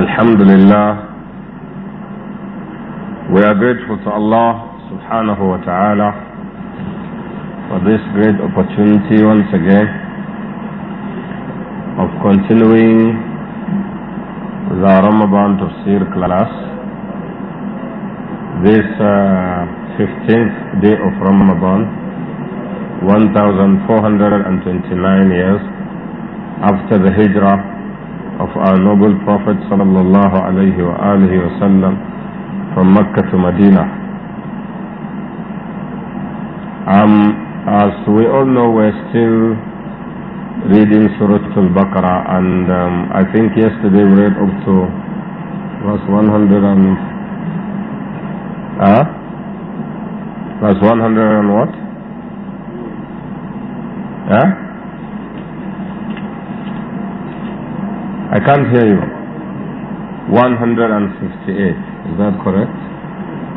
Alhamdulillah. We are grateful to Allah subhanahu wa ta'ala for this great opportunity once again of continuing the Ramadan Tafsir class. This uh, 15th day of Ramadan, 1429 years after the Hijrah of our noble Prophet sallallahu wa sallam from Mecca to Medina. Um, as we all know, we're still reading Surah Al-Baqarah and um, I think yesterday we read up to verse 100 and... Huh? Verse 100 and what? Huh? I can't hear you. 158. Is that correct?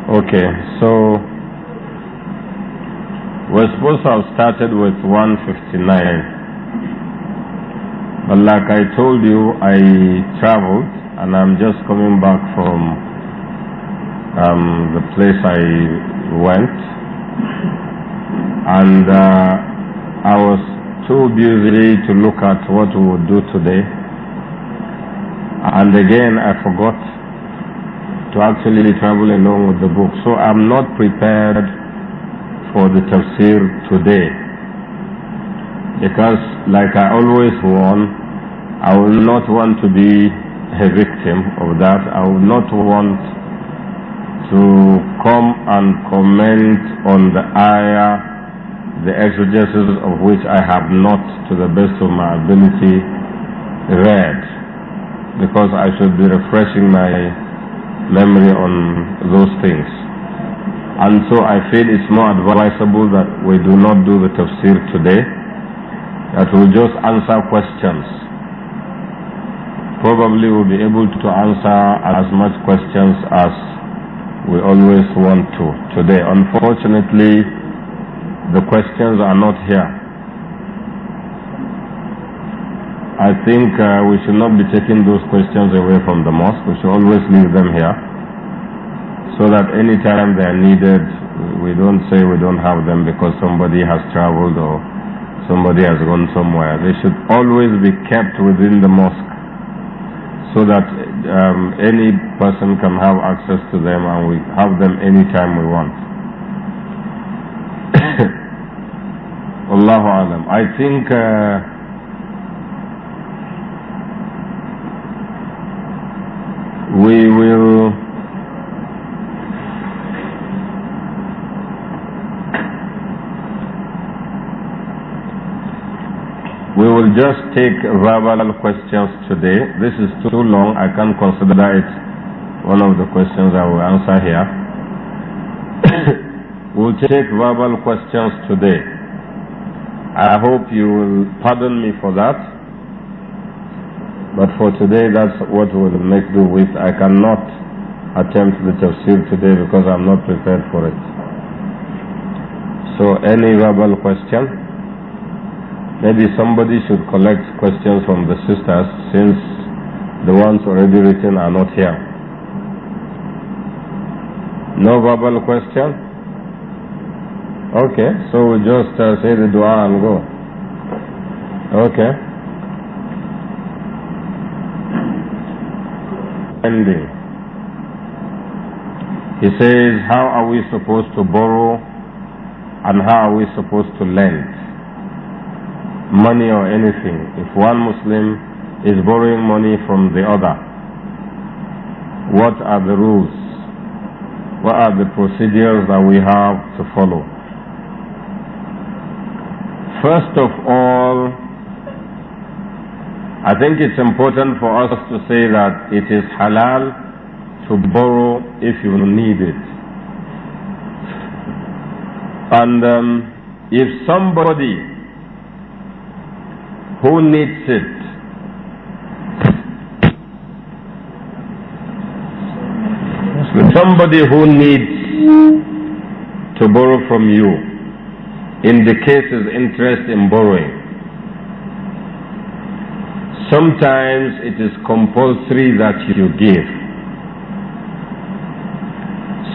Okay, so we're supposed to have started with 159. But like I told you, I traveled and I'm just coming back from um, the place I went. And uh, I was too busy to look at what we would do today. And again, I forgot to actually travel along with the book. So I'm not prepared for the tafsir today. Because, like I always warn, I will not want to be a victim of that. I will not want to come and comment on the ayah, the exegesis of which I have not, to the best of my ability, read because I should be refreshing my memory on those things. And so I feel it's more advisable that we do not do the tafsir today, that we just answer questions. Probably we'll be able to answer as much questions as we always want to today. Unfortunately, the questions are not here. I think uh, we should not be taking those questions away from the mosque. We should always leave them here so that any time they are needed, we don't say we don't have them because somebody has traveled or somebody has gone somewhere. They should always be kept within the mosque so that um, any person can have access to them and we have them anytime we want. Allahu Alam. I think. Uh, we will We will just take verbal questions today. This is too long. I can't consider it one of the questions I will answer here. we'll take verbal questions today. I hope you will pardon me for that. But for today, that's what we'll make do with. I cannot attempt the tafsir today because I'm not prepared for it. So any verbal question? Maybe somebody should collect questions from the sisters since the ones already written are not here. No verbal question? Okay, so we just uh, say the dua and go. Okay. ending. He says, How are we supposed to borrow and how are we supposed to lend money or anything if one Muslim is borrowing money from the other? What are the rules? What are the procedures that we have to follow? First of all, I think it's important for us to say that it is halal to borrow if you need it. And um, if somebody who needs it somebody who needs to borrow from you indicates his interest in borrowing Sometimes it is compulsory that you give.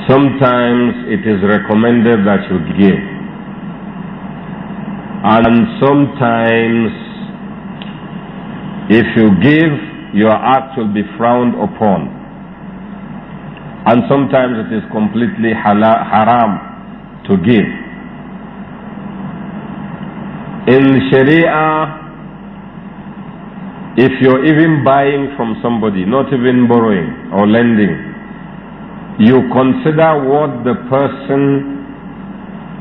Sometimes it is recommended that you give. And sometimes if you give, your act will be frowned upon. And sometimes it is completely haram to give. In Sharia, if you're even buying from somebody, not even borrowing or lending, you consider what the person,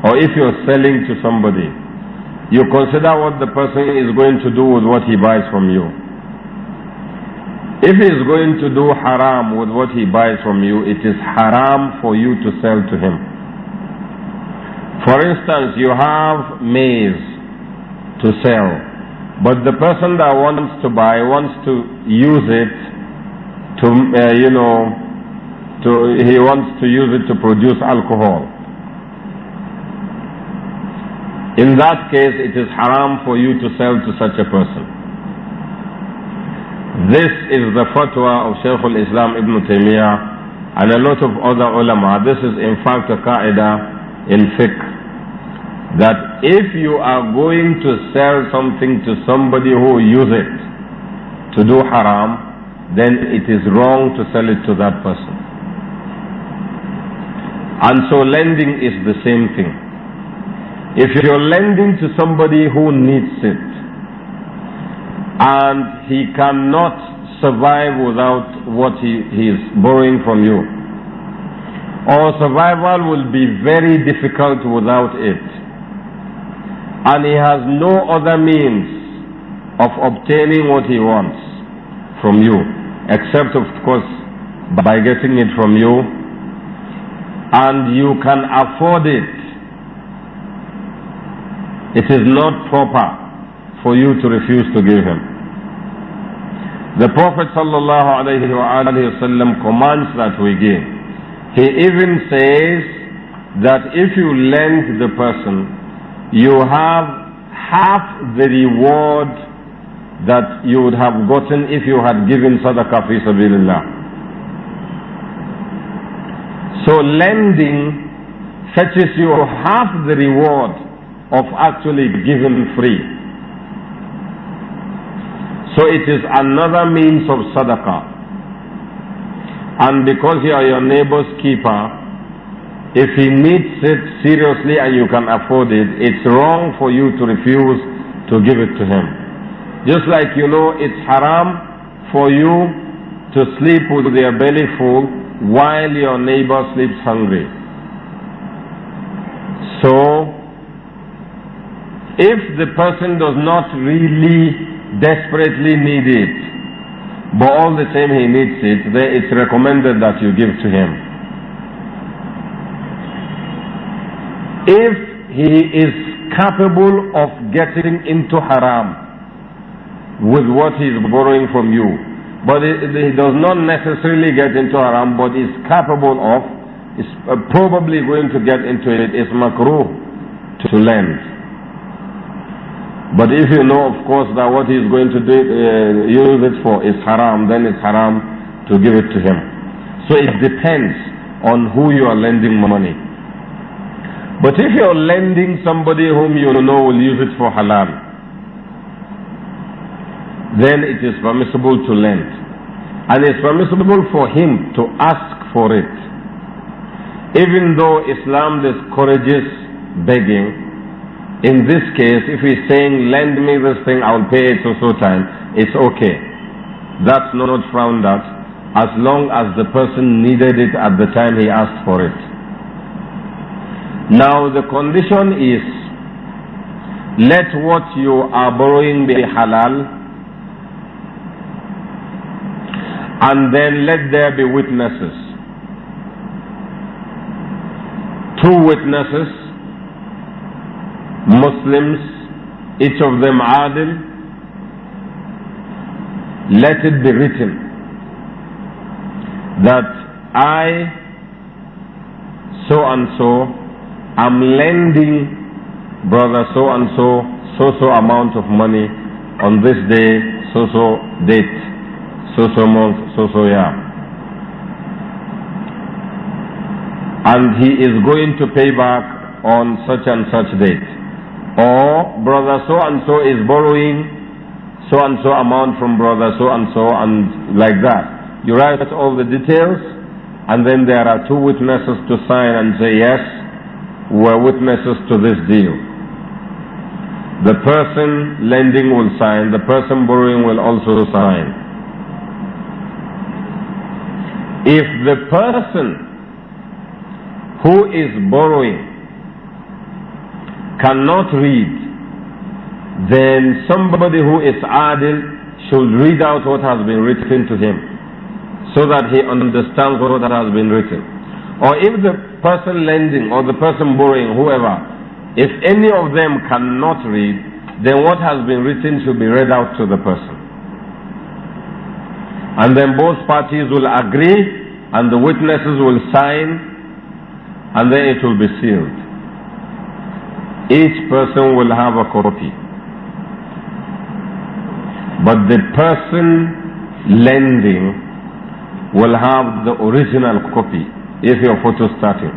or if you're selling to somebody, you consider what the person is going to do with what he buys from you. If he is going to do haram with what he buys from you, it is haram for you to sell to him. For instance, you have maize to sell but the person that wants to buy wants to use it to, uh, you know, to, he wants to use it to produce alcohol. In that case, it is haram for you to sell to such a person. This is the fatwa of Shaykh al-Islam Ibn Taymiyyah and a lot of other ulama. This is in fact a qaida in fiqh that if you are going to sell something to somebody who use it to do haram, then it is wrong to sell it to that person. And so lending is the same thing. If you're lending to somebody who needs it and he cannot survive without what he, he is borrowing from you, or survival will be very difficult without it and he has no other means of obtaining what he wants from you, except of course by getting it from you, and you can afford it. It is not proper for you to refuse to give him. The Prophet ﷺ commands that we give. He even says that if you lend the person you have half the reward that you would have gotten if you had given sadaqah fi sabilillah. So lending fetches you half the reward of actually giving free. So it is another means of sadaqah. And because you are your neighbor's keeper, if he needs it seriously and you can afford it, it's wrong for you to refuse to give it to him. Just like you know it's haram for you to sleep with your belly full while your neighbor sleeps hungry. So, if the person does not really desperately need it, but all the same he needs it, then it's recommended that you give to him. if he is capable of getting into haram with what he is borrowing from you, but he does not necessarily get into haram, but is capable of, is uh, probably going to get into it's makruh to lend. But if you know, of course, that what he's going to do, uh, use it for is haram, then it's haram to give it to him. So it depends on who you are lending money. But if you're lending somebody whom you know will use it for halal, then it is permissible to lend. And it's permissible for him to ask for it. Even though Islam discourages begging, in this case, if he's saying, lend me this thing, I'll pay it so so time, it's okay. That's not frowned at as long as the person needed it at the time he asked for it. Now the condition is let what you are borrowing be halal and then let there be witnesses. Two witnesses, Muslims, each of them adil. Let it be written that I so and so I'm lending brother so and so so so amount of money on this day, so so date, so so month, so so year. And he is going to pay back on such and such date. Or brother so and so is borrowing so and so amount from brother so and so and like that. You write all the details and then there are two witnesses to sign and say yes were witnesses to this deal. The person lending will sign, the person borrowing will also sign. If the person who is borrowing cannot read, then somebody who is idle should read out what has been written to him so that he understands what has been written. Or if the person lending or the person borrowing, whoever, if any of them cannot read, then what has been written should be read out to the person. And then both parties will agree, and the witnesses will sign, and then it will be sealed. Each person will have a copy. But the person lending will have the original copy if your photo started.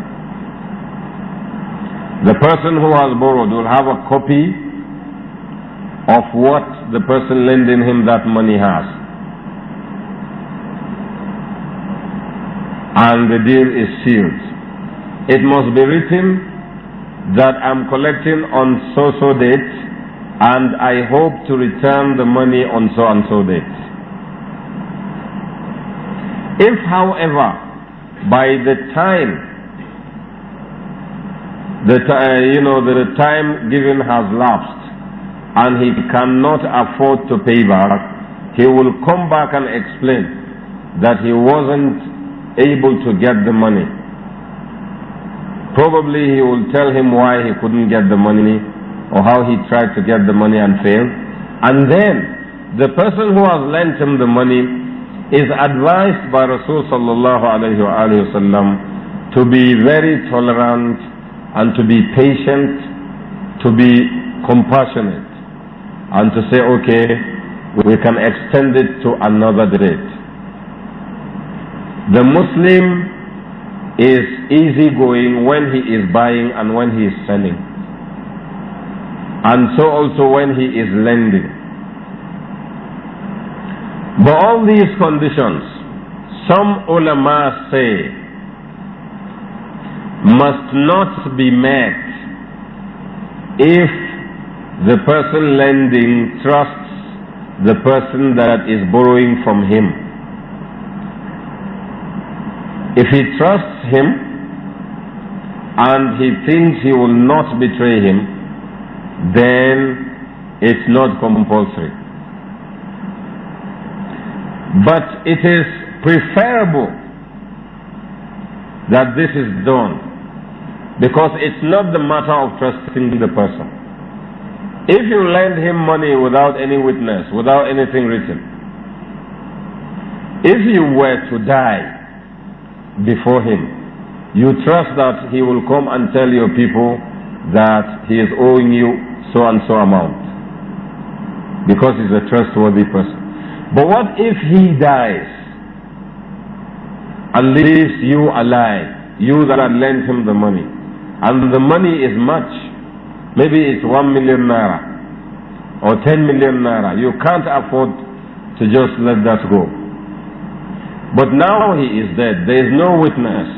The person who has borrowed will have a copy of what the person lending him that money has. And the deal is sealed. It must be written that I'm collecting on so so date and I hope to return the money on so and so date. If, however, by the time that uh, you know the time given has lapsed and he cannot afford to pay back, he will come back and explain that he wasn't able to get the money. Probably he will tell him why he couldn't get the money or how he tried to get the money and failed. And then the person who has lent him the money is advised by Rasulullah sallallahu to be very tolerant and to be patient, to be compassionate, and to say, okay, we can extend it to another date. The Muslim is easygoing when he is buying and when he is selling, and so also when he is lending. But all these conditions, some ulama say, must not be met if the person lending trusts the person that is borrowing from him. If he trusts him and he thinks he will not betray him, then it's not compulsory. But it is preferable that this is done because it's not the matter of trusting the person. If you lend him money without any witness, without anything written, if you were to die before him, you trust that he will come and tell your people that he is owing you so and so amount because he's a trustworthy person. But what if he dies and leaves you alive, you that had lent him the money, and the money is much, maybe it's one million naira or ten million naira, you can't afford to just let that go. But now he is dead, there is no witness.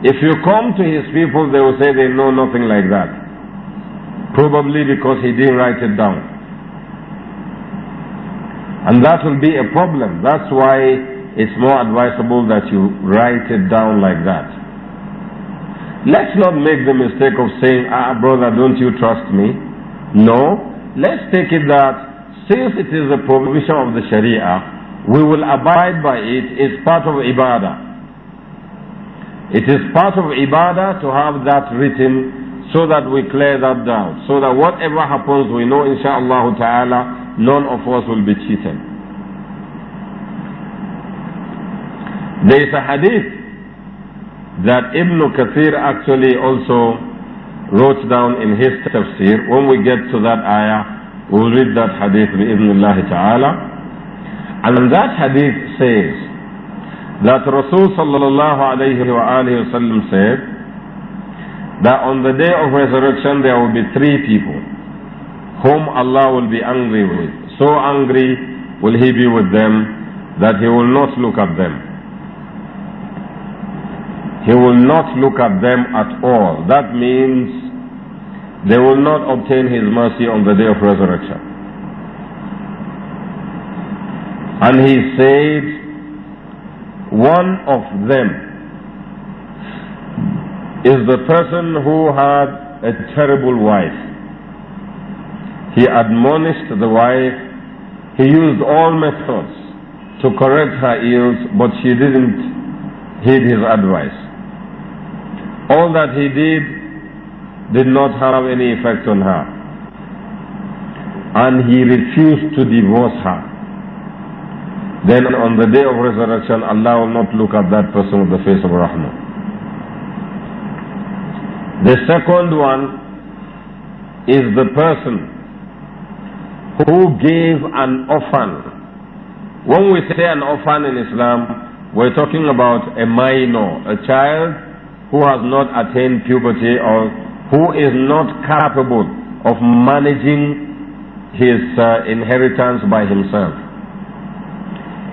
If you come to his people, they will say they know nothing like that. Probably because he didn't write it down. And that will be a problem. That's why it's more advisable that you write it down like that. Let's not make the mistake of saying, ah, brother, don't you trust me? No. Let's take it that since it is a provision of the Sharia, we will abide by it. It's part of Ibadah. It is part of Ibadah to have that written so that we clear that down. So that whatever happens, we know, inshaAllah ta'ala, none of us will be cheated. There is a hadith that Ibn Kathir actually also wrote down in his tafsir. When we get to that ayah, we'll read that hadith bi'idhnillahi ta'ala. And that hadith says that Rasul sallallahu alayhi wa said that on the day of resurrection there will be three people whom Allah will be angry with. So angry will he be with them that he will not look at them. He will not look at them at all. That means they will not obtain his mercy on the day of resurrection. And he said, one of them is the person who had a terrible wife. He admonished the wife. He used all methods to correct her ills, but she didn't heed his advice. All that he did did not have any effect on her. And he refused to divorce her. Then on the day of resurrection, Allah will not look at that person with the face of Rahman. The second one is the person who gave an orphan. When we say an orphan in Islam, we're talking about a minor, a child who has not attained puberty or who is not capable of managing his uh, inheritance by himself.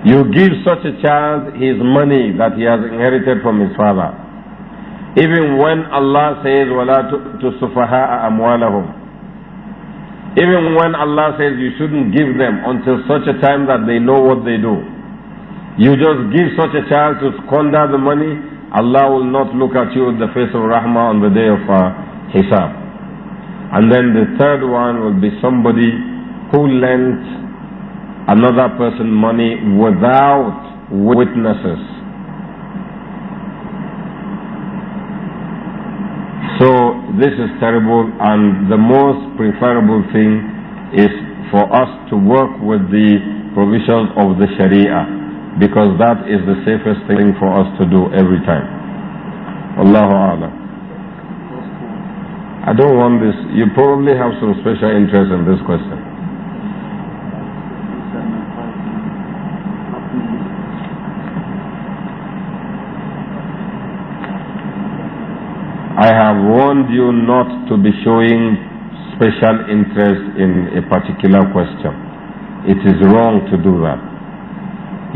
You give such a child his money that he has inherited from his father. Even when Allah says, وَلَا تُسُفَهَاءَ أَمْوَالَهُمْ even when Allah says you shouldn't give them until such a time that they know what they do. You just give such a child to squander the money, Allah will not look at you with the face of Rahmah on the day of uh, Hisab. And then the third one will be somebody who lent another person money without witnesses. So this is terrible and the most preferable thing is for us to work with the provisions of the Sharia because that is the safest thing for us to do every time. Allahu A'lam. I don't want this. You probably have some special interest in this question. you not to be showing special interest in a particular question. It is wrong to do that.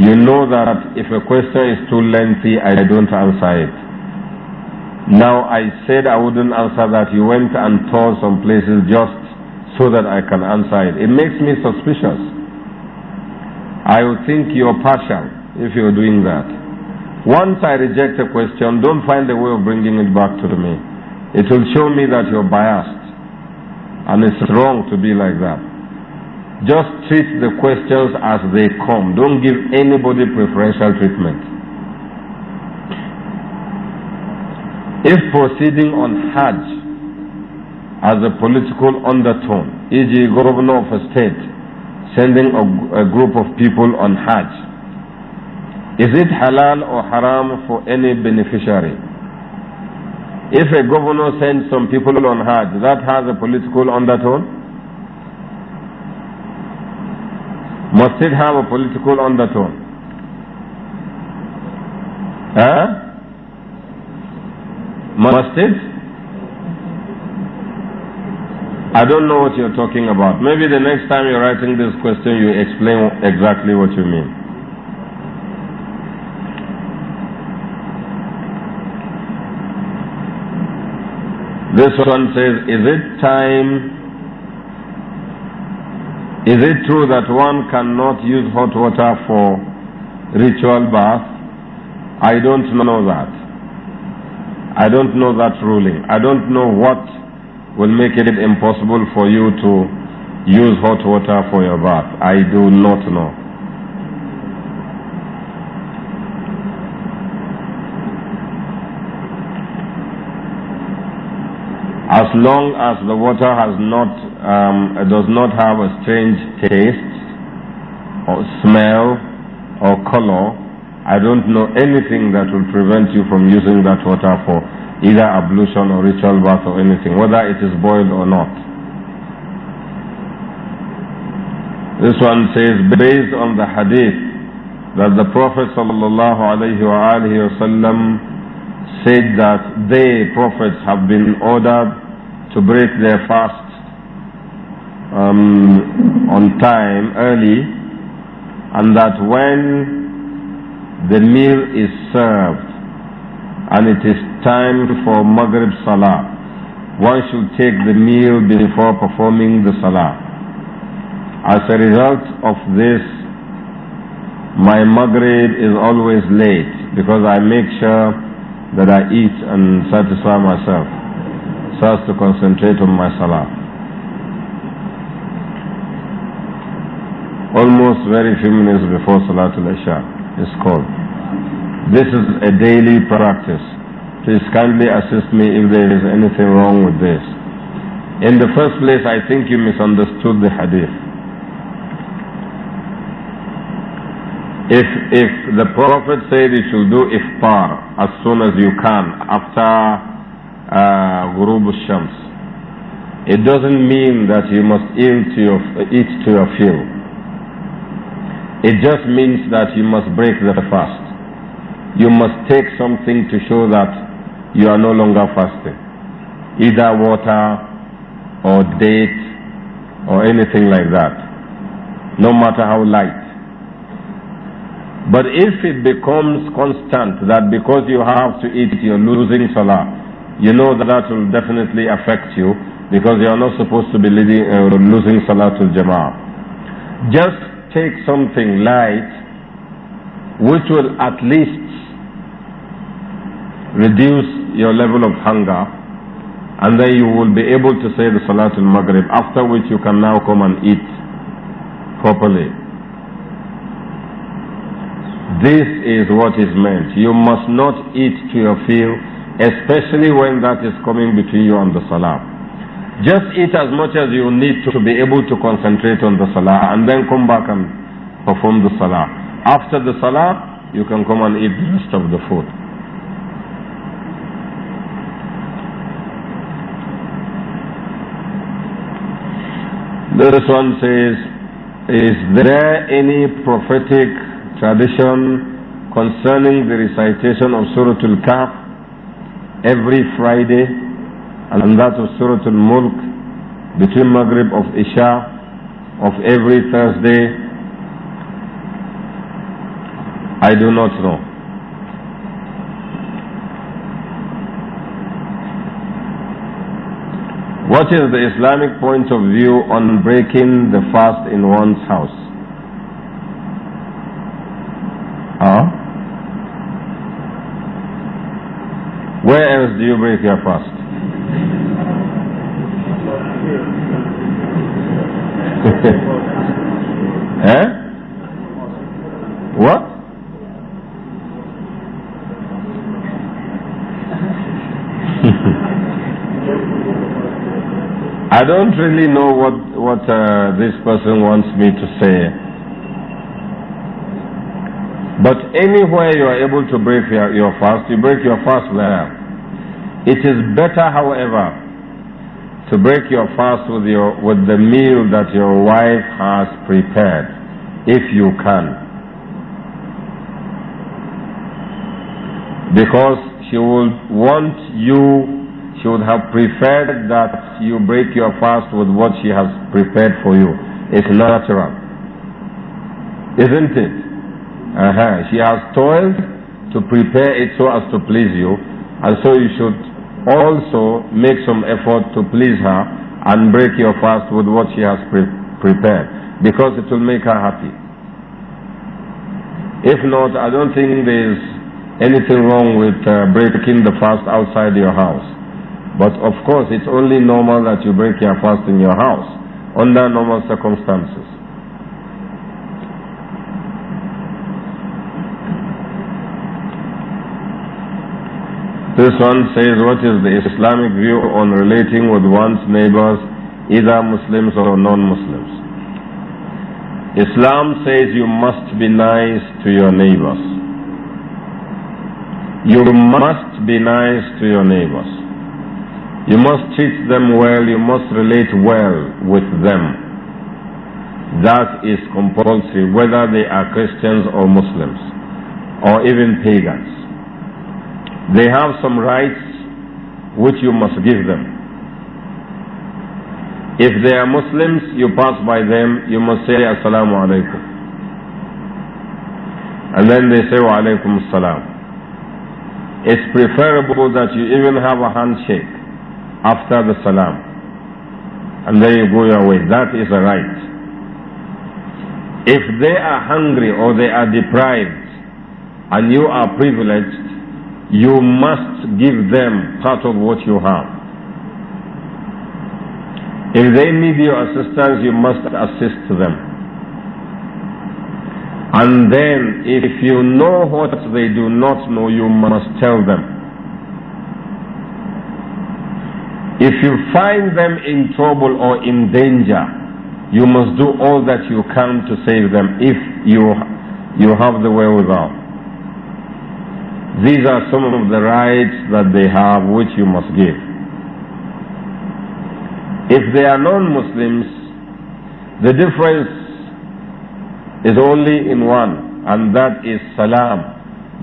You know that if a question is too lengthy, I don't answer it. Now I said I wouldn't answer that. You went and told some places just so that I can answer it. It makes me suspicious. I would think you're partial if you're doing that. Once I reject a question, don't find a way of bringing it back to me. It will show me that you're biased. And it's wrong to be like that. Just treat the questions as they come. Don't give anybody preferential treatment. If proceeding on Hajj as a political undertone, e.g., governor of a state sending a, a group of people on Hajj, is it halal or haram for any beneficiary? If a governor sends some people on Hajj, that has a political undertone? Must it have a political undertone? Huh? Must it? I don't know what you're talking about. Maybe the next time you're writing this question, you explain exactly what you mean. This one says, is it time, is it true that one cannot use hot water for ritual bath? I don't know that. I don't know that ruling. I don't know what will make it impossible for you to use hot water for your bath. I do not know. as long as the water has not um, does not have a strange taste or smell or color, I don't know anything that will prevent you from using that water for either ablution or ritual bath or anything, whether it is boiled or not. This one says, based on the hadith that the Prophet sallallahu wasallam said that they, prophets, have been ordered to break their fast um, on time, early, and that when the meal is served and it is time for Maghrib Salah, one should take the meal before performing the Salah. As a result of this, my Maghrib is always late because I make sure that I eat and satisfy myself so as to concentrate on my salah. Almost very few minutes before Salatul Isha is called. This is a daily practice. Please kindly assist me if there is anything wrong with this. In the first place, I think you misunderstood the hadith. If, if the Prophet said you should do iftar as soon as you can after غروب uh, Shams. It doesn't mean that you must eat to your, eat to your fill. It just means that you must break the fast. You must take something to show that you are no longer fasting. Either water or date or anything like that. No matter how light. But if it becomes constant that because you have to eat, you're losing salah, you know that, that will definitely affect you because you are not supposed to be leading, uh, losing Salatul Jama'ah. Just take something light which will at least reduce your level of hunger and then you will be able to say the Salatul Maghrib after which you can now come and eat properly. This is what is meant. You must not eat to your fill especially when that is coming between you and the salah. Just eat as much as you need to be able to concentrate on the salah and then come back and perform the salah. After the salah, you can come and eat the rest of the food. This one says, is there any prophetic tradition concerning the recitation of Surah Al-Kahf every Friday, and that of Surah Al-Mulk between Maghrib of Isha of every Thursday. I do not know. What is the Islamic point of view on breaking the fast in one's house? Huh? Where else do you break your fast? eh? What? I don't really know what what uh, this person wants me to say. But anywhere you are able to break your, your fast, you break your fast there. It is better, however, to break your fast with, your, with the meal that your wife has prepared, if you can. Because she would want you, she would have preferred that you break your fast with what she has prepared for you. It's natural. Isn't it? Uh -huh. She has toiled to prepare it so as to please you, and so you should also make some effort to please her and break your fast with what she has pre prepared because it will make her happy. If not, I don't think there's anything wrong with uh, breaking the fast outside your house. But of course, it's only normal that you break your fast in your house under normal circumstances. This one says, what is the Islamic view on relating with one's neighbors, either Muslims or non-Muslims? Islam says you must be nice to your neighbors. You must be nice to your neighbors. You must treat them well, you must relate well with them. That is compulsory, whether they are Christians or Muslims, or even pagans. They have some rights which you must give them. If they are Muslims, you pass by them, you must say Assalamu alaikum. And then they say Wa alaikum salam. It's preferable that you even have a handshake after the salam. And then you go your way. That is a right. If they are hungry or they are deprived and you are privileged, you must give them part of what you have. If they need your assistance, you must assist them. And then, if you know what they do not know, you must tell them. If you find them in trouble or in danger, you must do all that you can to save them if you, you have the wherewithal. These are some of the rights that they have which you must give. If they are non-Muslims, the difference is only in one, and that is salam.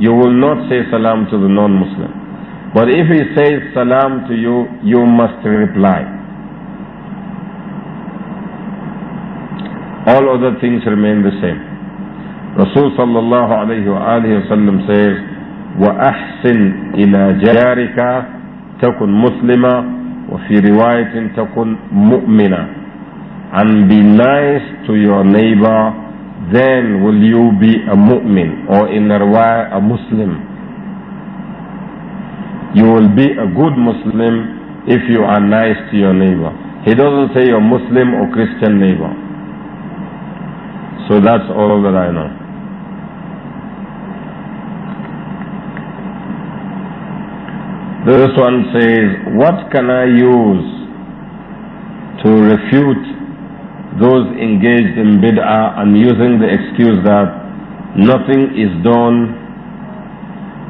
You will not say salam to the non-Muslim. But if he says salam to you, you must reply. All other things remain the same. Rasul sallallahu alayhi wa sallam says, وأحسن إلى جارك تكن مسلمة وفي رواية تكن مؤمنة and be nice to your neighbor then will you be a mu'min or in a riwayah a Muslim you will be a good Muslim if you are nice to your neighbor he doesn't say you're Muslim or Christian neighbor so that's all that I know This one says, what can I use to refute those engaged in bid'ah? and using the excuse that nothing is done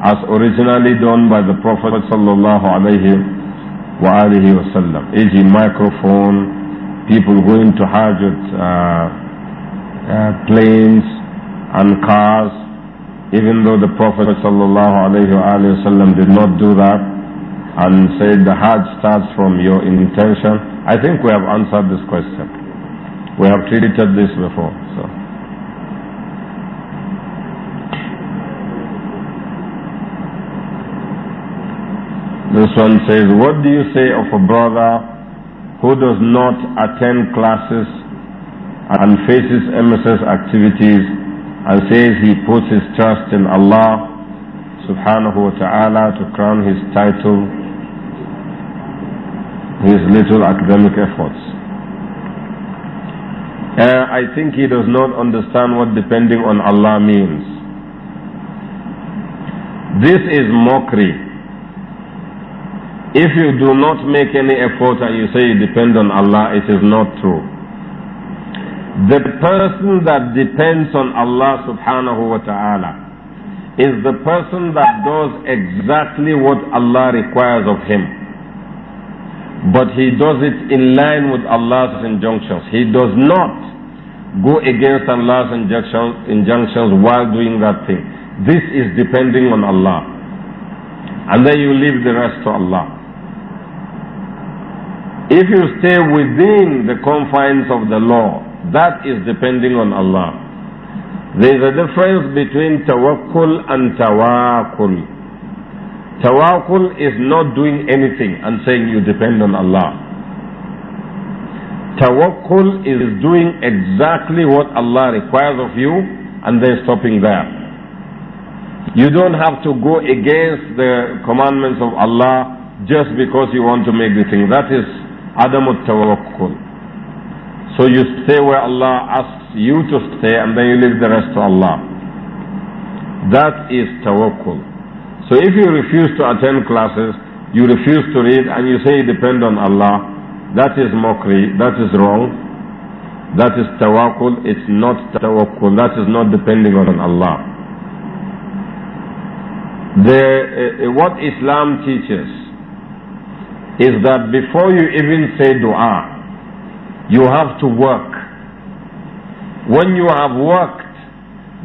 as originally done by the Prophet sallallahu alaihi wasallam. E.g. microphone, people going to Hajj, uh, uh, planes and cars, even though the Prophet ﷺ did not do that and said the heart starts from your intention. I think we have answered this question. We have treated this before. So. This one says, What do you say of a brother who does not attend classes and faces MSS activities and says he puts his trust in Allah subhanahu wa ta'ala to crown his title his little academic efforts. Uh, I think he does not understand what depending on Allah means. This is mockery. If you do not make any effort and you say you depend on Allah, it is not true. The person that depends on Allah subhanahu wa ta'ala is the person that does exactly what Allah requires of him. But he does it in line with Allah's injunctions. He does not go against Allah's injunctions, injunctions while doing that thing. This is depending on Allah. And then you leave the rest to Allah. If you stay within the confines of the law, that is depending on Allah. There is a difference between tawakkul and tawakkul. Tawakkul is not doing anything and saying you depend on Allah. Tawakkul is doing exactly what Allah requires of you and then stopping there. You don't have to go against the commandments of Allah just because you want to make the thing. That is Adamut Tawakkul. So you stay where Allah asks you to stay and then you leave the rest to Allah. That is Tawakkul. So if you refuse to attend classes, you refuse to read, and you say you depend on Allah, that is mockery, that is wrong, that is tawakkul, it's not tawakkul, that is not depending on Allah. The, uh, what Islam teaches is that before you even say dua, you have to work. When you have worked,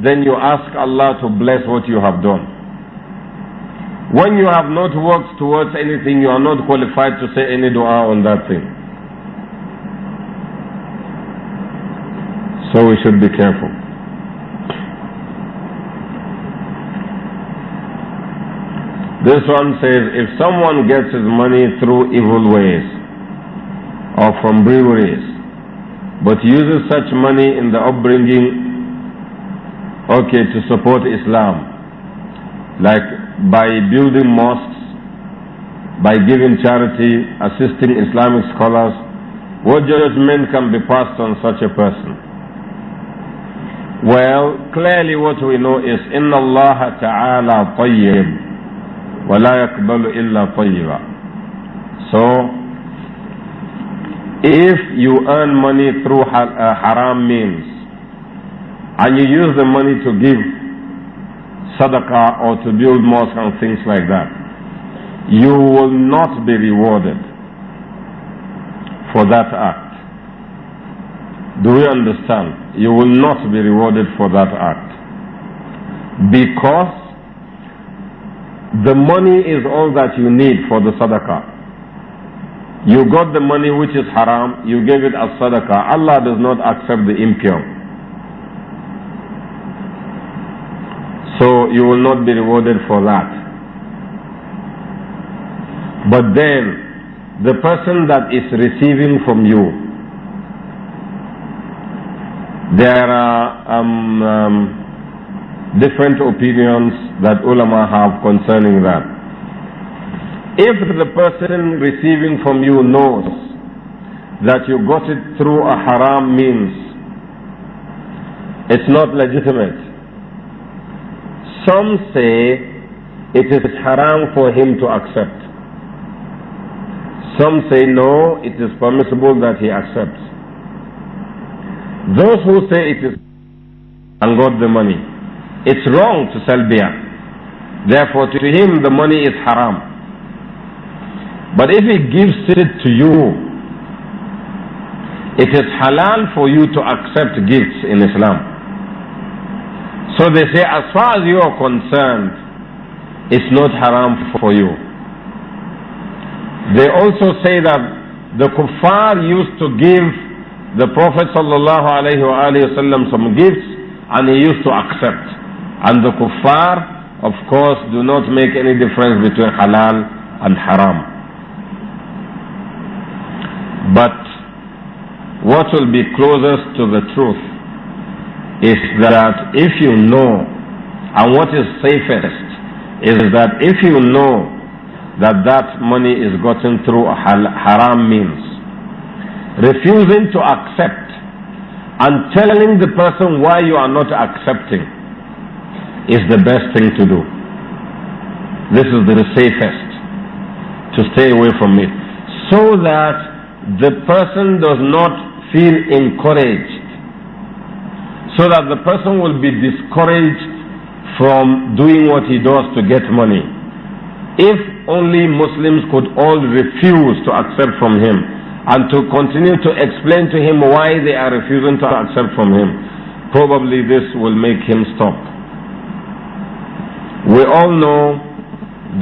then you ask Allah to bless what you have done. When you have not worked towards anything, you are not qualified to say any dua on that thing. So we should be careful. This one says, if someone gets his money through evil ways or from breweries, but uses such money in the upbringing, okay, to support Islam, like by building mosques, by giving charity, assisting Islamic scholars, what judgment can be passed on such a person? Well, clearly what we know is إن الله تعالى طيب ولا يقبل إلا طيبا. So, if you earn money through uh, haram means and you use the money to give sadaqah or to build mosque and things like that. You will not be rewarded for that act. Do we understand? You will not be rewarded for that act. Because the money is all that you need for the sadaqah. You got the money which is haram, you gave it as sadaqah. Allah does not accept the impure. you will not be rewarded for that. But then, the person that is receiving from you, there are um, um, different opinions that ulama have concerning that. If the person receiving from you knows that you got it through a haram means, it's not legitimate. Some say it is haram for him to accept. Some say no, it is permissible that he accepts. Those who say it is and got the money, it's wrong to sell beer. Therefore, to him the money is haram. But if he gives it to you, it is halal for you to accept gifts in Islam. So they say, as far as you are concerned, it's not haram for you. They also say that the kuffar used to give the Prophet ﷺ some gifts and he used to accept. And the kuffar, of course, do not make any difference between halal and haram. But what will be closest to the truth? is that if you know, and what is safest is that if you know that that money is gotten through haram means, refusing to accept and telling the person why you are not accepting is the best thing to do. This is the safest to stay away from it so that the person does not feel encouraged so that the person will be discouraged from doing what he does to get money. If only Muslims could all refuse to accept from him and to continue to explain to him why they are refusing to accept from him, probably this will make him stop. We all know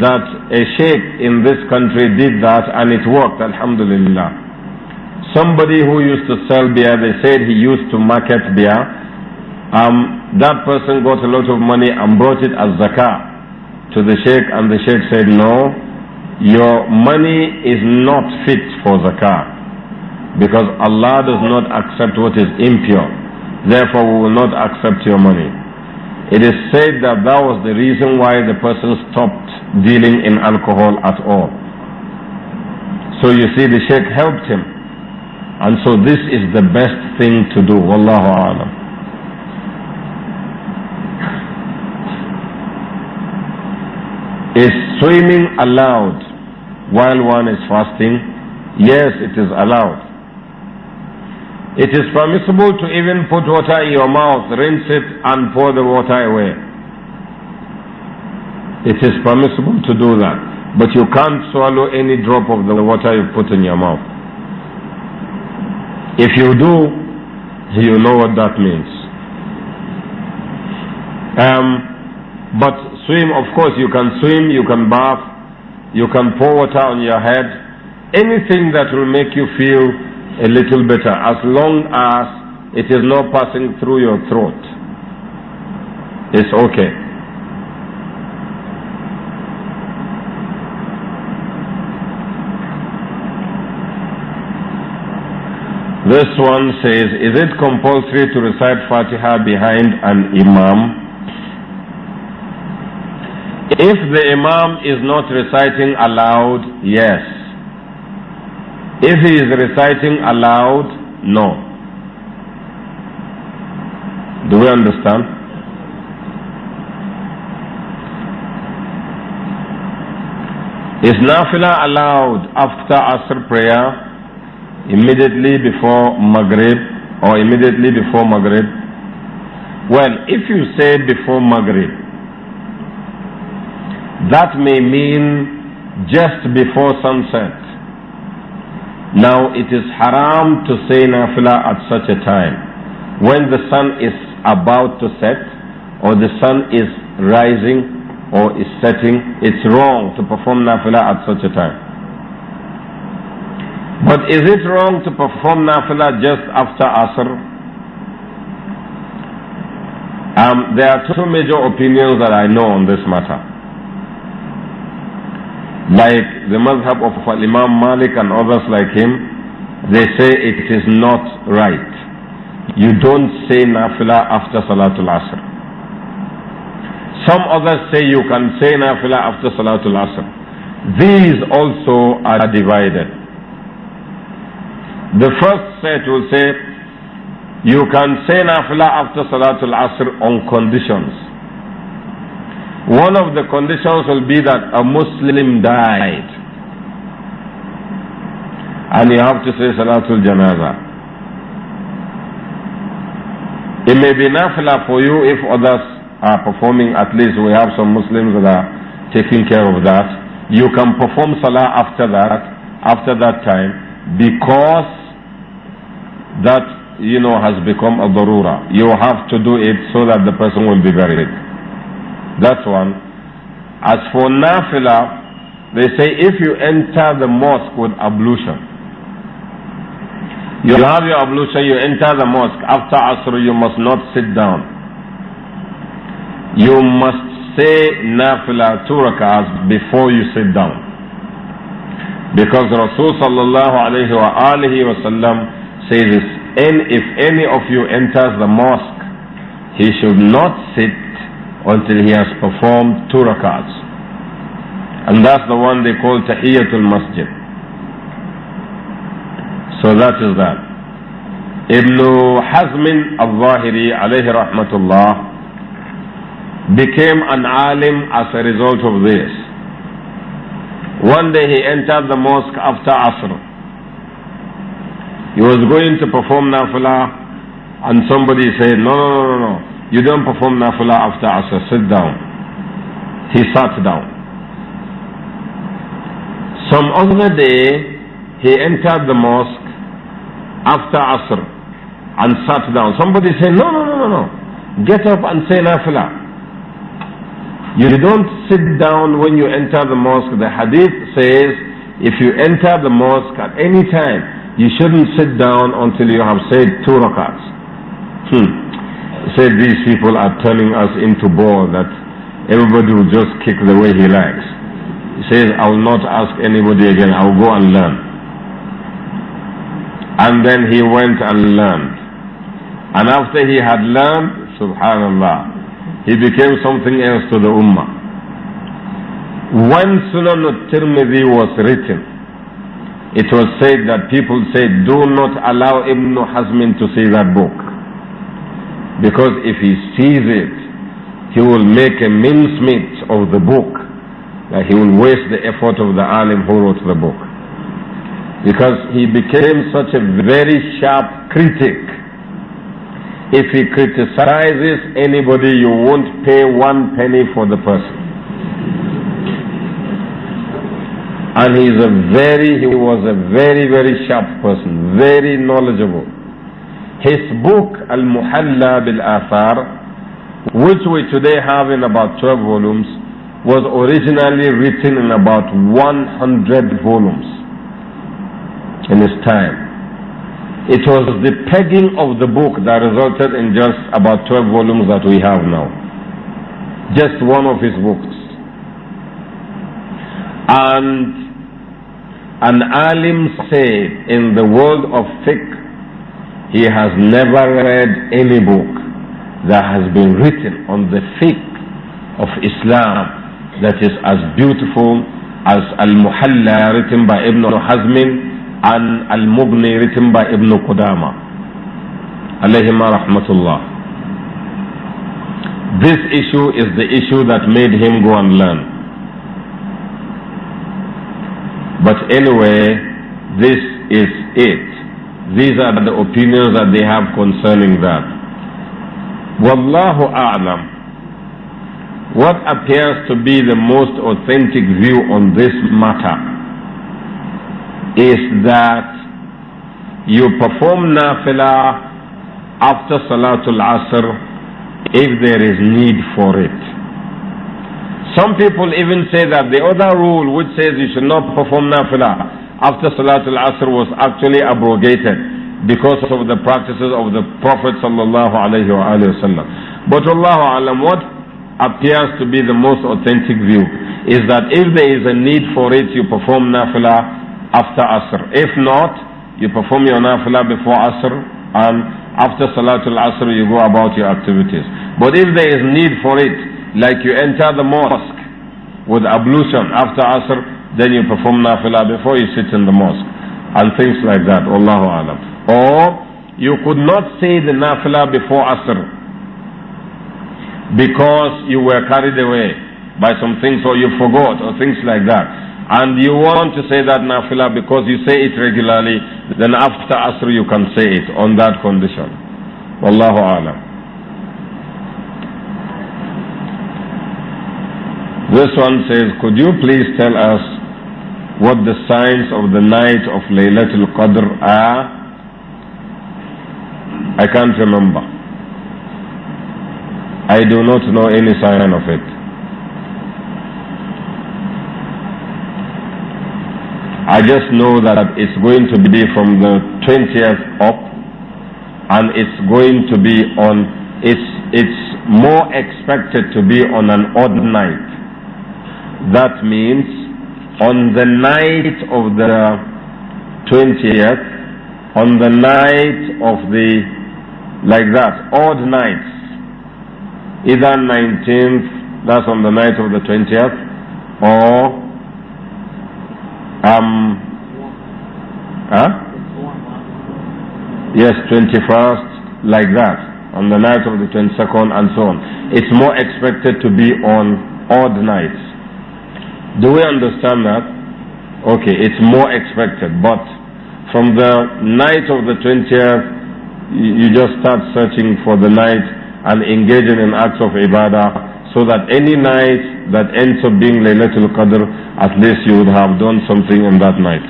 that a sheikh in this country did that and it worked, alhamdulillah. Somebody who used to sell beer, they said he used to market beer um, that person got a lot of money and brought it as zakah to the sheikh, and the sheikh said, No, your money is not fit for zakah because Allah does not accept what is impure. Therefore, we will not accept your money. It is said that that was the reason why the person stopped dealing in alcohol at all. So you see, the sheikh helped him. And so this is the best thing to do. Wallahu alam. Is swimming allowed while one is fasting? Yes, it is allowed. It is permissible to even put water in your mouth, rinse it, and pour the water away. It is permissible to do that. But you can't swallow any drop of the water you put in your mouth. If you do, you know what that means. Um, but Swim, of course, you can swim, you can bath, you can pour water on your head, anything that will make you feel a little better, as long as it is not passing through your throat. It's okay. This one says, is it compulsory to recite Fatiha behind an imam? If the Imam is not reciting aloud, yes. If he is reciting aloud, no. Do we understand? Is nafila allowed after Asr prayer, immediately before Maghrib, or immediately before Maghrib? Well, if you say before Maghrib, that may mean just before sunset. Now it is haram to say nafila at such a time. When the sun is about to set or the sun is rising or is setting, it's wrong to perform nafila at such a time. But is it wrong to perform nafila just after asr? Um, there are two major opinions that I know on this matter. Like the madhab of Imam Malik and others like him, they say it is not right. You don't say nafila after Salatul Asr. Some others say you can say nafila after Salatul Asr. These also are divided. The first set will say you can say nafila after Salatul Asr on conditions. One of the conditions will be that a Muslim died. And you have to say Salatul janaza. It may be nafla for you if others are performing, at least we have some Muslims that are taking care of that. You can perform salah after that, after that time, because that, you know, has become a darura. You have to do it so that the person will be buried. That's one. As for nafila, they say if you enter the mosque with ablution, you have your ablution, you enter the mosque. After Asr, you must not sit down. You must say nafila two rak'ahs before you sit down. Because Rasulullah sallallahu alayhi wa says this, and if any of you enters the mosque, he should not sit until he has performed two rakats. And that's the one they call Tahiyatul Masjid. So that is that. Ibn Hazm al-Zahiri alayhi rahmatullah became an alim as a result of this. One day he entered the mosque after Asr. He was going to perform nafilah and somebody said, no, no, no, no. You don't perform nafila after Asr. Sit down. He sat down. Some other day, he entered the mosque after Asr and sat down. Somebody said, No, no, no, no, no. Get up and say nafila. You don't sit down when you enter the mosque. The hadith says, if you enter the mosque at any time, you shouldn't sit down until you have said two rakats. Hmm said these people are turning us into ball that everybody will just kick the way he likes. He says, I will not ask anybody again, I will go and learn. And then he went and learned. And after he had learned, subhanallah, he became something else to the ummah. When Sunan al-Tirmidhi was written, it was said that people said, do not allow Ibn Hazm to see that book. Because if he sees it, he will make a mincemeat of the book. Uh, he will waste the effort of the alim who wrote the book. Because he became such a very sharp critic. If he criticizes anybody, you won't pay one penny for the person. And he is a very, he was a very, very sharp person, very knowledgeable his book Al-Muhalla bil-Athar, which we today have in about 12 volumes, was originally written in about 100 volumes in his time. It was the pegging of the book that resulted in just about 12 volumes that we have now. Just one of his books. And an alim said in the world of fiqh he has never read any book that has been written on the fiqh of Islam that is as beautiful as Al-Muhalla written by Ibn Hazm and Al-Mubni written by Ibn Qudama. Alayhima rahmatullah. This issue is the issue that made him go and learn. But anyway, this is it. These are the opinions that they have concerning that. Wallahu a'lam. What appears to be the most authentic view on this matter is that you perform nafilah after Salatul Asr if there is need for it. Some people even say that the other rule which says you should not perform nafilah after Salatul Asr was actually abrogated because of the practices of the Prophet sallallahu alaihi wasallam. But Allah alam, what appears to be the most authentic view is that if there is a need for it, you perform nafila after Asr. If not, you perform your nafila before Asr and after Salatul Asr you go about your activities. But if there is need for it, like you enter the mosque with ablution after Asr, then you perform nafilah before you sit in the mosque and things like that. Allahu alam. Or you could not say the nafilah before asr because you were carried away by some things or you forgot or things like that. And you want to say that nafilah because you say it regularly, then after asr you can say it on that condition. Wallahu alam. This one says, could you please tell us what the signs of the night of Laylatul Qadr are, I can't remember. I do not know any sign of it. I just know that it's going to be from the 20th up and it's going to be on, it's, it's more expected to be on an odd night. That means on the night of the 20th, on the night of the, like that, odd nights. Either 19th, that's on the night of the 20th, or, um, huh? Yes, 21st, like that, on the night of the 22nd, and so on. It's more expected to be on odd nights. Do we understand that? Okay, it's more expected, but from the night of the 20th, you just start searching for the night and engaging in acts of ibadah so that any night that ends up being Laylatul Qadr, at least you would have done something on that night.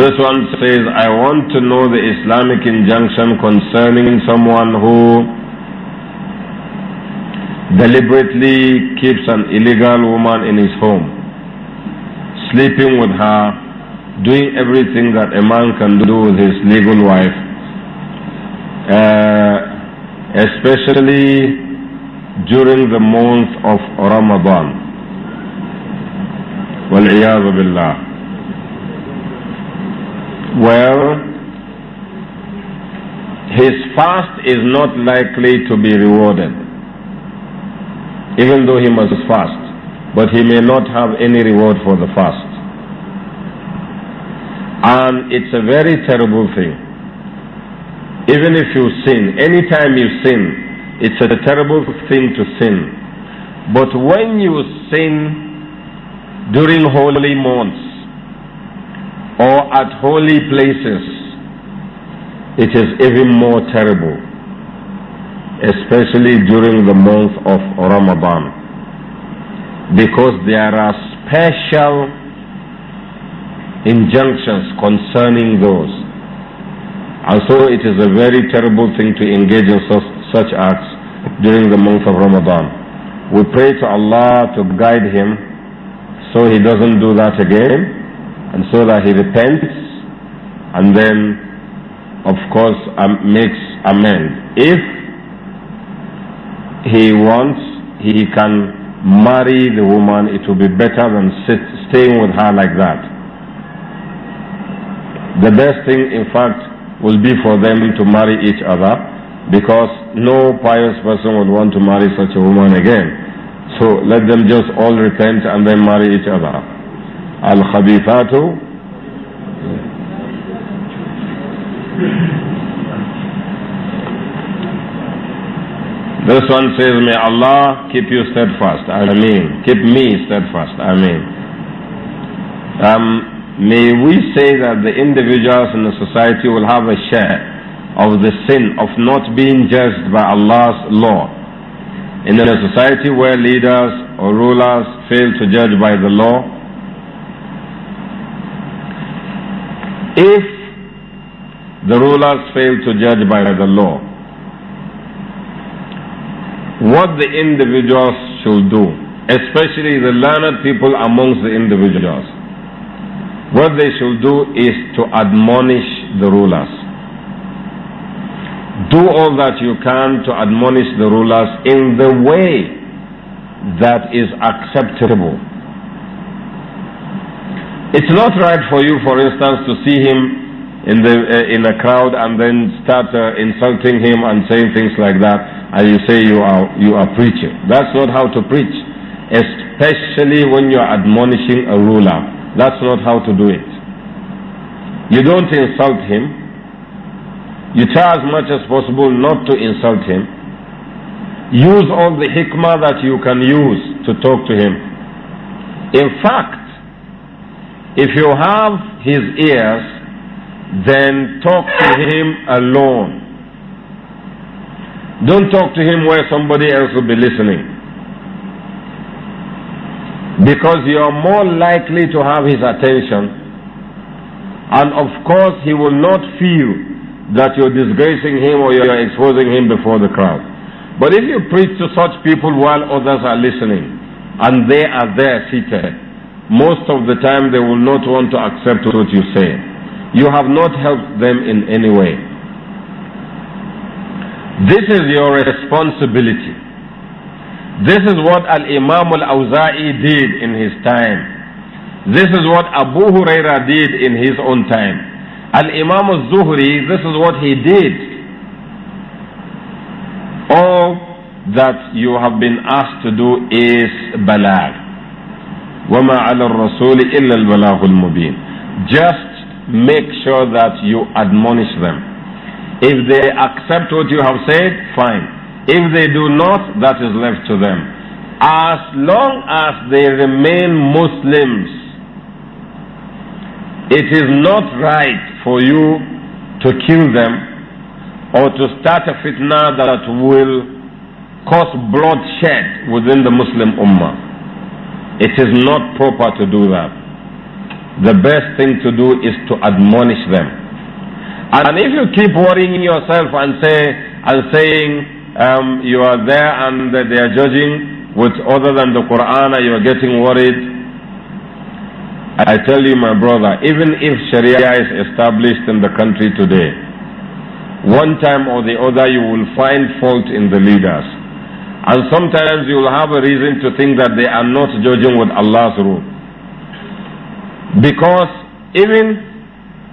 This one says, I want to know the Islamic injunction concerning someone who deliberately keeps an illegal woman in his home, sleeping with her, doing everything that a man can do with his legal wife, uh, especially during the month of Ramadan. بالله. Well, his fast is not likely to be rewarded even though he must fast, but he may not have any reward for the fast. And it's a very terrible thing. Even if you sin, anytime you sin, it's a terrible thing to sin. But when you sin during holy months or at holy places, it is even more terrible especially during the month of Ramadan, because there are special injunctions concerning those. And so it is a very terrible thing to engage in such, such acts during the month of Ramadan. We pray to Allah to guide him so he doesn't do that again and so that he repents and then, of course, makes amends. If he wants, he can marry the woman. It will be better than sit, staying with her like that. The best thing, in fact, will be for them to marry each other because no pious person would want to marry such a woman again. So let them just all repent and then marry each other. Al-Khabithatu This one says, May Allah keep you steadfast. Ameen. Keep me steadfast. Ameen. Um, may we say that the individuals in the society will have a share of the sin of not being judged by Allah's law. In a society where leaders or rulers fail to judge by the law, if the rulers fail to judge by the law, what the individuals should do, especially the learned people amongst the individuals. What they should do is to admonish the rulers. Do all that you can to admonish the rulers in the way that is acceptable. It's not right for you, for instance, to see him in, the, uh, in a crowd and then start uh, insulting him and saying things like that and you say you are, you are preaching. That's not how to preach, especially when you are admonishing a ruler. That's not how to do it. You don't insult him. You try as much as possible not to insult him. Use all the hikmah that you can use to talk to him. In fact, if you have his ears, then talk to him alone don't talk to him where somebody else will be listening. Because you are more likely to have his attention. And of course, he will not feel that you're disgracing him or you're exposing him before the crowd. But if you preach to such people while others are listening and they are there seated, most of the time they will not want to accept what you say. You have not helped them in any way. This is your responsibility. This is what Al Imam Al Awza'i did in his time. This is what Abu Huraira did in his own time. Al Imam Al Zuhri, this is what he did. All that you have been asked to do is balagh. وما على الرسول إلا البلاغ المبين. Just make sure that you admonish them if they accept what you have said, fine. If they do not, that is left to them. As long as they remain Muslims, it is not right for you to kill them or to start a fitna that will cause bloodshed within the Muslim Ummah. It is not proper to do that. The best thing to do is to admonish them. And if you keep worrying yourself and say and saying um, you are there and they are judging with other than the Quran, you are getting worried. I tell you, my brother, even if Sharia is established in the country today, one time or the other you will find fault in the leaders. And sometimes you will have a reason to think that they are not judging with Allah's rule. Because even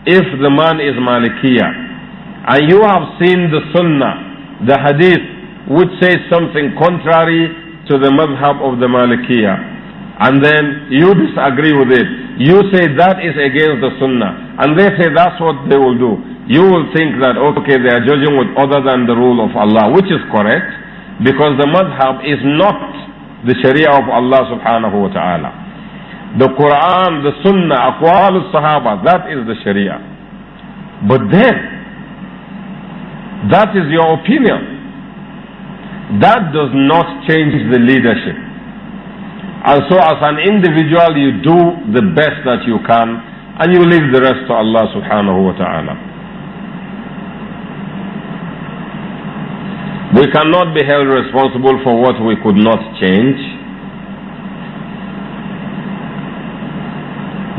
if the man is Malikiya and you have seen the Sunnah, the Hadith, which says something contrary to the madhab of the Malikiya, and then you disagree with it, you say that is against the Sunnah, and they say that's what they will do, you will think that, okay, they are judging with other than the rule of Allah, which is correct, because the madhab is not the Sharia of Allah subhanahu wa ta'ala the Quran, the Sunnah, Aqwal al-Sahaba, that is the Sharia. But then, that is your opinion. That does not change the leadership. And so as an individual, you do the best that you can and you leave the rest to Allah subhanahu wa ta'ala. We cannot be held responsible for what we could not change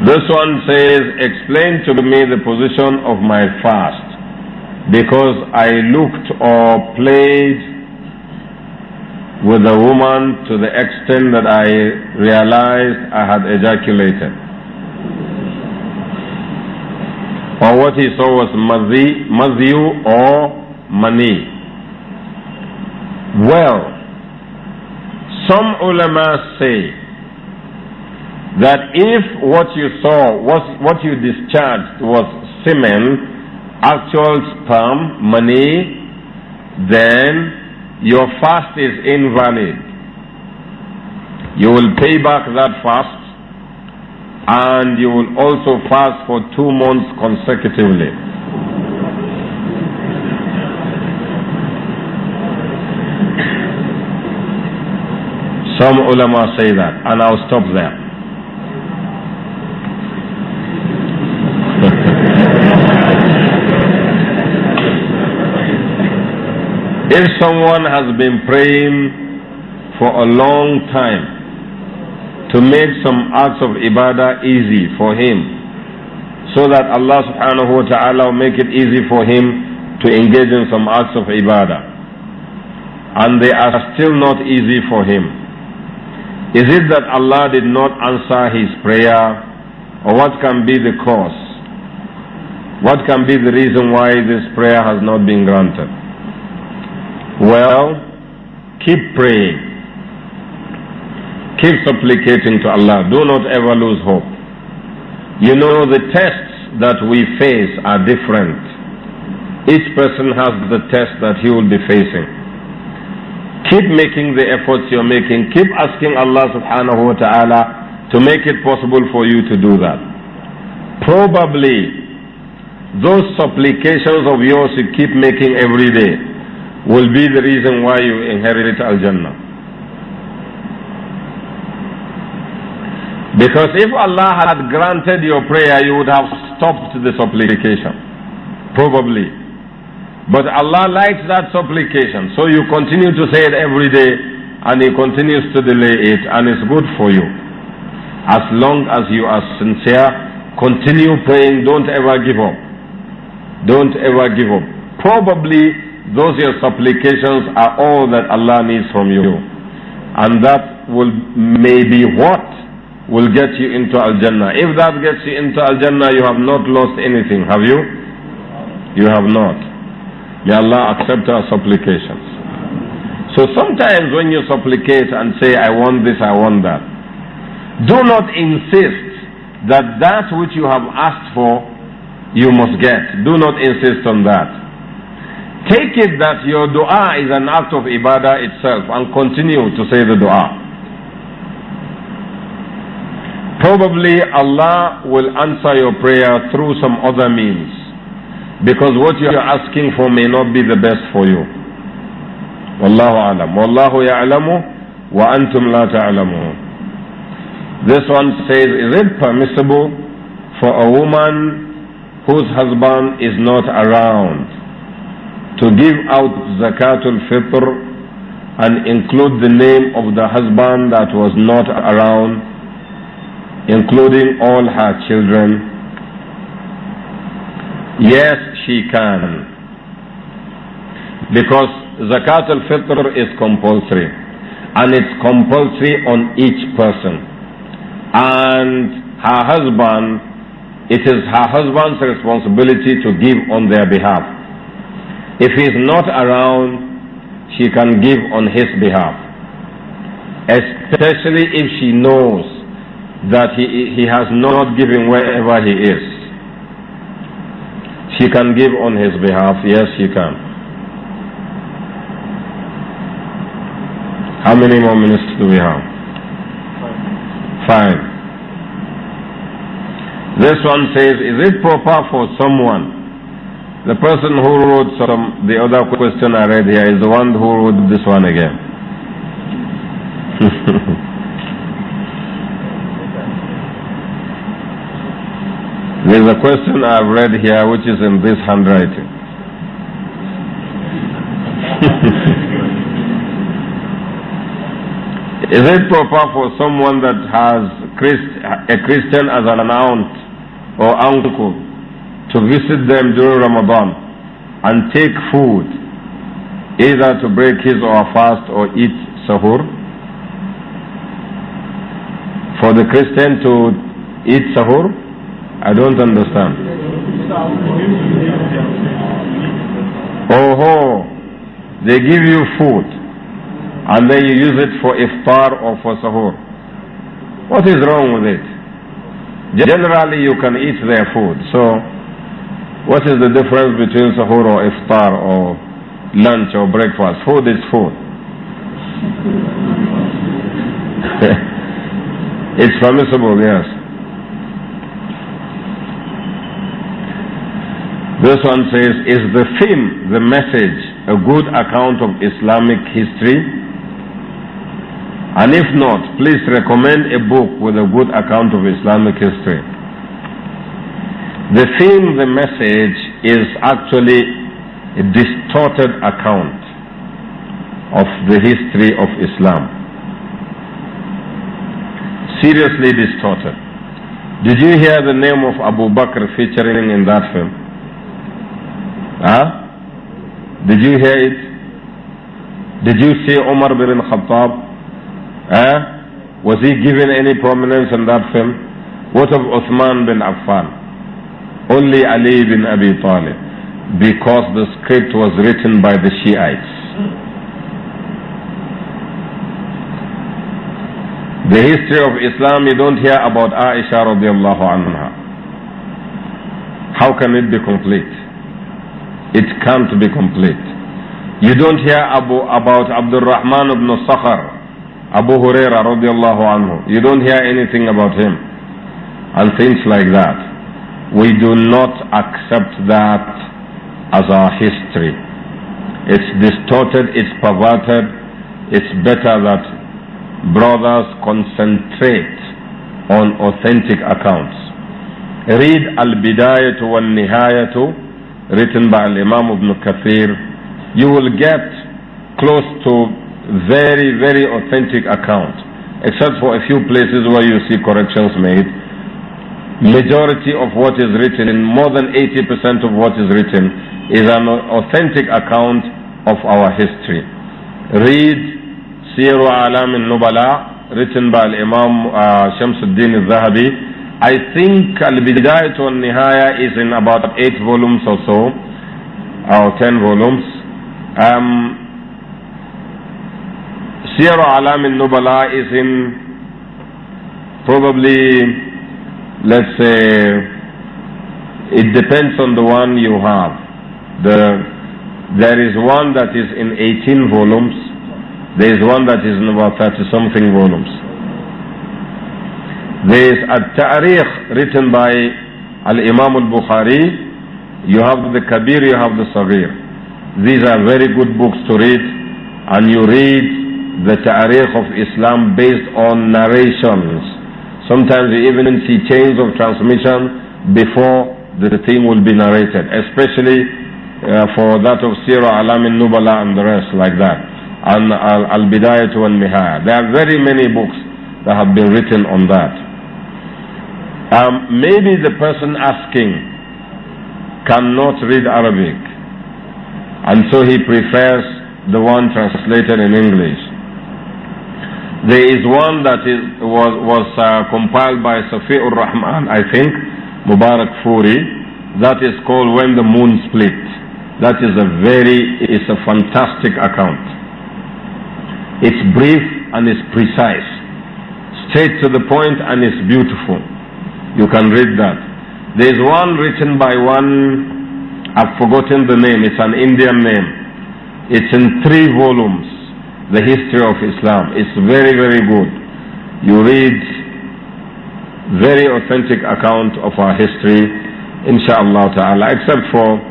This one says, explain to me the position of my fast because I looked or played with a woman to the extent that I realized I had ejaculated. Or what he saw was madhi, or mani. Well, some ulama say that if what you saw, was, what you discharged was semen, actual sperm, money, then your fast is invalid. You will pay back that fast and you will also fast for two months consecutively. Some ulama say that, and I'll stop there. If someone has been praying for a long time to make some acts of ibadah easy for him, so that Allah subhanahu wa ta'ala will make it easy for him to engage in some acts of ibadah, and they are still not easy for him. Is it that Allah did not answer his prayer, or what can be the cause? What can be the reason why this prayer has not been granted? Well, keep praying. Keep supplicating to Allah. Do not ever lose hope. You know, the tests that we face are different. Each person has the test that he will be facing. Keep making the efforts you're making. Keep asking Allah subhanahu wa ta'ala to make it possible for you to do that. Probably those supplications of yours you keep making every day will be the reason why you inherit Al-Jannah. Because if Allah had granted your prayer, you would have stopped the supplication. Probably. But Allah likes that supplication. So you continue to say it every day and He continues to delay it and it's good for you. As long as you are sincere, continue praying. Don't ever give up. Don't ever give up. Probably those your supplications are all that Allah needs from you. And that will maybe what will get you into Al-Jannah. If that gets you into Al-Jannah, you have not lost anything, have you? You have not. May Allah accept our supplications. So sometimes when you supplicate and say, I want this, I want that, do not insist that that which you have asked for, you must get. Do not insist on that. Take it that your dua is an act of ibadah itself and continue to say the dua. Probably Allah will answer your prayer through some other means because what you are asking for may not be the best for you. Wallahu alam. Wallahu ya'lamu wa antum la ta'lamu. This one says, is it permissible for a woman whose husband is not around to give out zakatul fitr and include the name of the husband that was not around, including all her children? Yes, she can. Because zakat al fitr is compulsory and it's compulsory on each person. And her husband, it is her husband's responsibility to give on their behalf. If he is not around, she can give on his behalf, especially if she knows that he, he has not given wherever he is. She can give on his behalf. Yes, she can. How many more minutes do we have? Five. This one says, is it proper for someone the person who wrote some, the other question I read here is the one who wrote this one again. There's a question I've read here which is in this handwriting. is it proper for someone that has Christ, a Christian as an aunt or uncle to visit them during Ramadan and take food, either to break his or her fast or eat sahur. For the Christian to eat sahur? I don't understand. Oh, ho. they give you food and then you use it for iftar or for sahur. What is wrong with it? Generally, you can eat their food. So, what is the difference between suhoor or iftar or lunch or breakfast? Food is food. it's permissible, yes. This one says, is the theme, the message, a good account of Islamic history? And if not, please recommend a book with a good account of Islamic history. The film, the message is actually a distorted account of the history of Islam. Seriously distorted. Did you hear the name of Abu Bakr featuring in that film? Huh? Did you hear it? Did you see Omar bin Khattab? Huh? Was he given any prominence in that film? What of Uthman bin Affan? only Ali bin Abi Talib because the script was written by the Shiites. The history of Islam, you don't hear about Aisha radiallahu anha. How can it be complete? It can't be complete. You don't hear Abu, about Abdul Rahman ibn Sakhar, Abu Huraira radiallahu anhu. You don't hear anything about him and things like that we do not accept that as our history. It's distorted, it's perverted. It's better that brothers concentrate on authentic accounts. Read Al-Bidayah wal Nihayat, written by Imam Ibn Kathir. You will get close to very, very authentic account, except for a few places where you see corrections made Hmm. majority of what is written, in more than 80% of what is written, is an authentic account of our history. Read Siru Alam al Nubala, written by Imam uh, Shamsuddin al Zahabi. I think Al Bidayat al Nihaya is in about 8 volumes or so, or 10 volumes. Um, Siru Alam al Nubala is in probably let's say, it depends on the one you have. The, there is one that is in 18 volumes, there is one that is in about 30 something volumes. There is a tariq written by Al Imam al Bukhari. You have the Kabir, you have the Sagir. These are very good books to read, and you read the Tariq of Islam based on narrations Sometimes you even see chains of transmission before the thing will be narrated, especially uh, for that of Sirah Alamin Nubala and the rest like that, and Al Bidayatu al Nihaya. There are very many books that have been written on that. Um, maybe the person asking cannot read Arabic, and so he prefers the one translated in English. There is one that is, was, was uh, compiled by Safi'ur Rahman, I think, Mubarak Furi. That is called When the Moon Split. That is a very, it's a fantastic account. It's brief and it's precise. Straight to the point and it's beautiful. You can read that. There is one written by one, I've forgotten the name, it's an Indian name. It's in three volumes the history of Islam. It's very, very good. You read very authentic account of our history, inshallah ta'ala, except for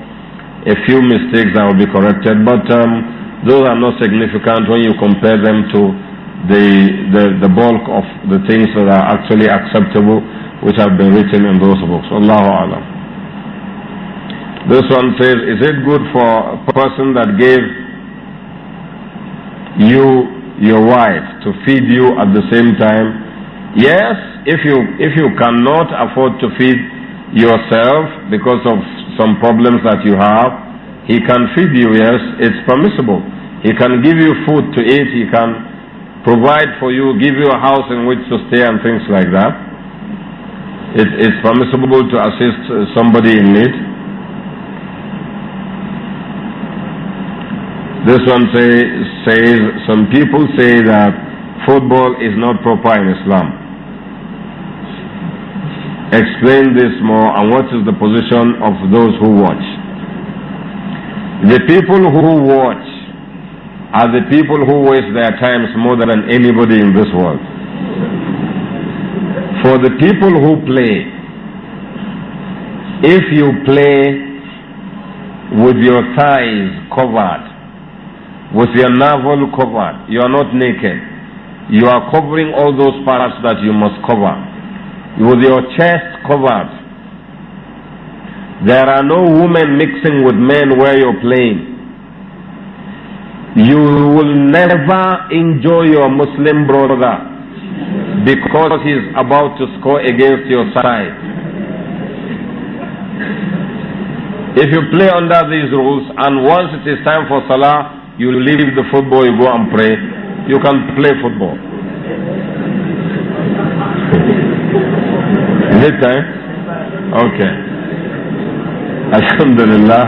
a few mistakes that will be corrected, but um, those are not significant when you compare them to the, the, the bulk of the things that are actually acceptable, which have been written in those books. Allahu Alam. This one says, is it good for a person that gave you your wife to feed you at the same time. Yes, if you if you cannot afford to feed yourself because of some problems that you have, he can feed you. Yes, it's permissible. He can give you food to eat. He can provide for you, give you a house in which to stay and things like that. It is permissible to assist somebody in need. This one say, says, some people say that football is not proper in Islam. Explain this more and what is the position of those who watch. The people who watch are the people who waste their times more than anybody in this world. For the people who play, if you play with your thighs covered, with your navel covered. You are not naked. You are covering all those parts that you must cover. With your chest covered. There are no women mixing with men where you're playing. You will never enjoy your Muslim brother because he's about to score against your side. If you play under these rules and once it is time for salah, you leave the football, you go and pray. You can play football. Is it time? Okay. Alhamdulillah.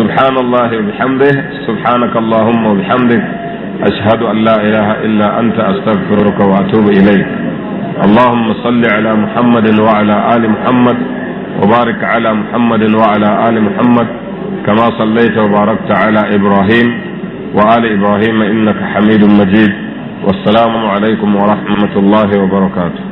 سبحان الله وبحمده سبحانك اللهم وبحمدك أشهد أن لا إله إلا أنت أستغفرك وأتوب إليك اللهم صل على محمد وعلى آل محمد وبارك على محمد وعلى آل محمد كما صليت وباركت على إبراهيم وآل إبراهيم إنك حميد مجيد والسلام عليكم ورحمة الله وبركاته